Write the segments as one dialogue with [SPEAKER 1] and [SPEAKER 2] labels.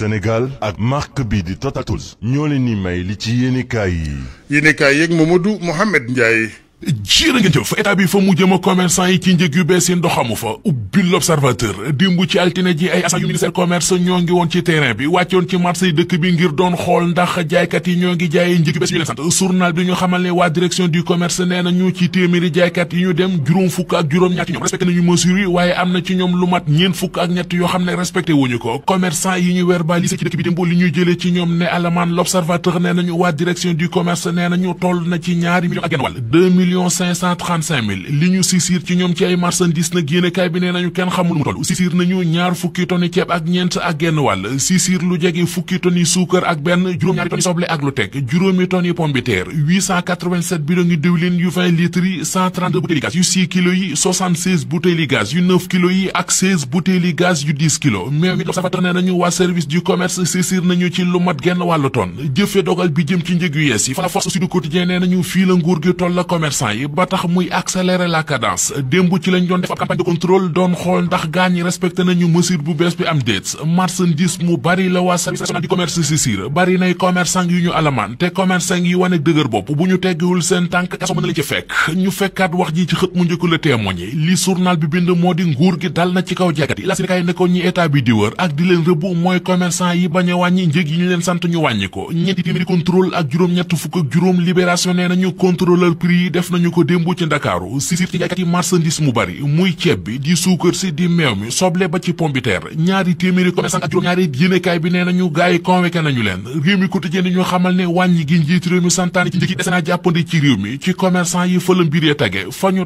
[SPEAKER 1] Sénégal ak marque bi di Total Tools ñoo leen ni may li ci yéenekaay yi. yéenekaay yeeg Mamadou Mouhamed Ndiaye. jiirë ngeen jëf état bi fa mu jëm a yi ci njëg yu bees yi ndoxamu fa ubbi l'observateur dimb ci altine ji ay agents yu ministère ñoo ngi woon ci terrain bi wàccoon ci marché yi dëkk bi ngir doon xool ndax jaaykat yi ñoo ngi jaayee njëg yu bees yu leen sant journal bi ñu xamal ne waa direction du commerce nee na ñu ci téeméeri jaaykat yi ñu dem juróom fukk ak juróom ñett ñoom respecté nañu mesures waaye am na ci ñoom lu mat ñeen fukk ak ñett yoo xam ne respecté wuñu ko commerçant yi ñu verbalisé ci dëkk ñoom ne alamaan l'observateur nee nañu waa direction du commerce nee nañu toll na ci ñaari millions ak millions cinq cent trente-cinq mille li ñu sisir ci ñoom ci ay marchandises nag yéenekaay bi nee nañu kenn xamul mu toll sisir nañu ñaar fukki tonni ceeb ak ñeent ak genn wàll sisir lu jege fukki tonni suukar ak benn juróom-ñaari tonni soble ak lu teg juróomi tonni pomme de terre 887 bidon yi diwlin yu 20 yi 132 bouteilles yu 6 yi 76 bouteilles yu 9 kilos yi ak 16 bouteilles gaz nañu waa service du commerce sisir nañu ci lu mat genn wàllu tonn jëfe dogal bi jëm ci njëg yu yees yi fa commerçant yi ba tax muy accélérer la cadence démb ci lañ doon def ab campagne contrôle doon xool ndax gaa ñi nañu mesure bu bees bi am déet marchandise mu bari la waa service national du commerce yu ñu alamaan te commerçant yi wane dëgër bopp bu ñu teggiwul seen tànk kaso na ci fekk ñu fekkaat wax ji ci xët mu njëkk la li journal bi bind moo di nguur gi dal na ci kaw jagat yi la sirikaay ne ko ñi état bi di wër ak di leen rëbb mooy commerçant yi a wàññi def nañu ko mu mi soble ba ci pompiteer ñaari téeméeri bi nee nañu gaay yi convoqué nañu leen réew mi quotidien ñu xamal ne wàññi gi njiit réew yi fa la mbir yee tage fa ne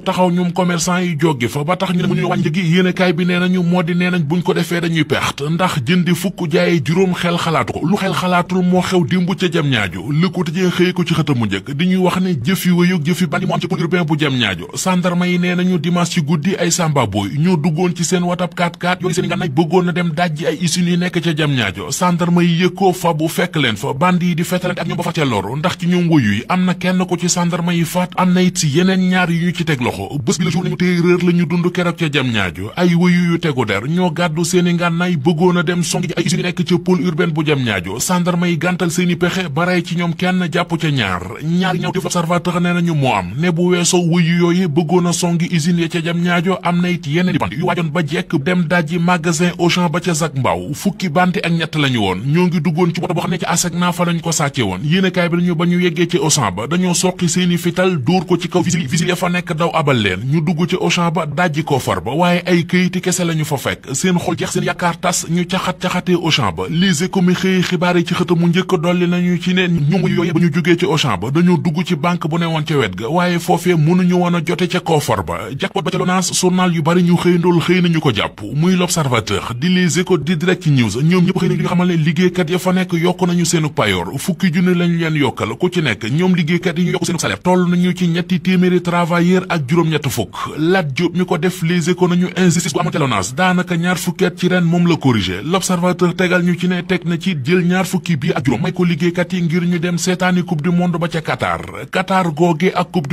[SPEAKER 1] bi nee nañu moo di nee nañ buñ ko defee dañuy perte ndax jëndi fukk jaayee juróom xel xalaatu ko lu xel xalaatul moo xew démb ca jam ñaaju le quotidien xëy ko ci xëtam mu njëkk di ñuy wax ne jëf yi wëyug jëf mu am ci pont urbain bu jëm ñaajo sandarma yi nee nañu dimanche ci guddi ay samba booy ñoo duggoon ci seen watab 4-4 yoon seen ngànnaay bëggoon na dem dajji ay usines yi nekk ca jëm ñaajo sandarma yi yëkkoo fa bu fekk leen fa bandi yi di fetalante ak ñoom ba fa ca loru ndax ci ñoom wuyu yi am na kenn ko ci sandarma yi faat am na it si yeneen ñaar yu ñu ci teg loxo bës bi la journée tey la ñu dund keroog ca jëm ñaajo ay wuyu yu tegu der ñoo gàddu seen i ngànnaay bëggoon a dem song ji nekk ca pôle urbain bu jëm ñaajo sandarma yi gàntal seen i pexe ba ci ñoom kenn jàpp ca ñaar ñaar ñaw def observateur nee nañu moo am ne bu weesoo wuyu yooyu bëggoon a songi isin ya ca jam ñaajo am na it yeneen di bant yu ba jekk dem dajji magasin Auchan ba ca Zac fukki banti ak ñett la ñu woon ñoo ngi duggoon ci boto boo ne ci asek naa fa lañ ko sàcce woon yéenekaay bi nañu ba ñu yeggee ci Auchan ba dañoo soqi seeni fital dóor ko ci kaw visili visili fa nekk daw abal leen ñu dugg ci Auchan ba dajji koo far ba waaye ay këyiti kese la ñu fa fekk seen xol jeex seen yaakaar tas ñu caxat-caxatee Auchan ba Les Échos mi xibaar yi ci xëtamu njëkk dolli nañu ci ne yooyu ba ñu jógee ci Auchan ba dañoo dugg ci banque bu ne woon ca wet ga waaye foofee mënuñu woon a jote ca koofar ba jackpot ba ca Lonase journal yu bari ñu xëyandool xëy nañu ko jàpp muy l'observateur di les échos di direct news ñoom ñëpp xëy nañu nga xamal ne liggéeykat ya fa nekk yokk nañu seenu payoor fukki junni lañu leen yokkal ku ci nekk ñoom liggéeykat yi ñu yokk seenu salaire toll nañu ci ñetti téeméeri travailleur ak juróom-ñett fukk Lat Diop mi ko def les échos nañu injustice bu amoon ca Lonase daanaka ñaar fukki at ci ren mo la corrigé l'observateur ñu ci ne teg na ci jël ñaar fukki bi ak juróom may ko liggéeykat yi ngir ñu dem seetaani coupe du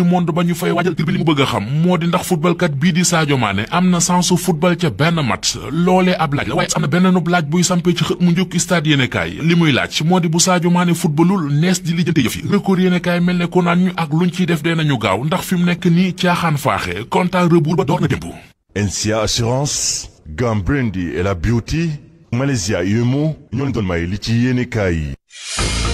[SPEAKER 1] monde ba ñu fay waajal tribune li mu bëgg a xam moo di ndax footballkat bii di Sadio Mané am na sansu football ca benn match loolee ab laaj la waaye am na beneenub laaj buy sampee ci xët mu njëkk stade yéenekaay li muy laaj moo di bu Sadio Mané footballul nees di lijjanti yëf yi record yéenekaay mel ne ko naan ñu ak luñ ciy def dee nañu gaaw ndax fi mu nekk nii caaxaan faaxee compte à rebours ba door na démb. NCA Assurance Gambrendi ñoo doon may li ci yéenekaay yi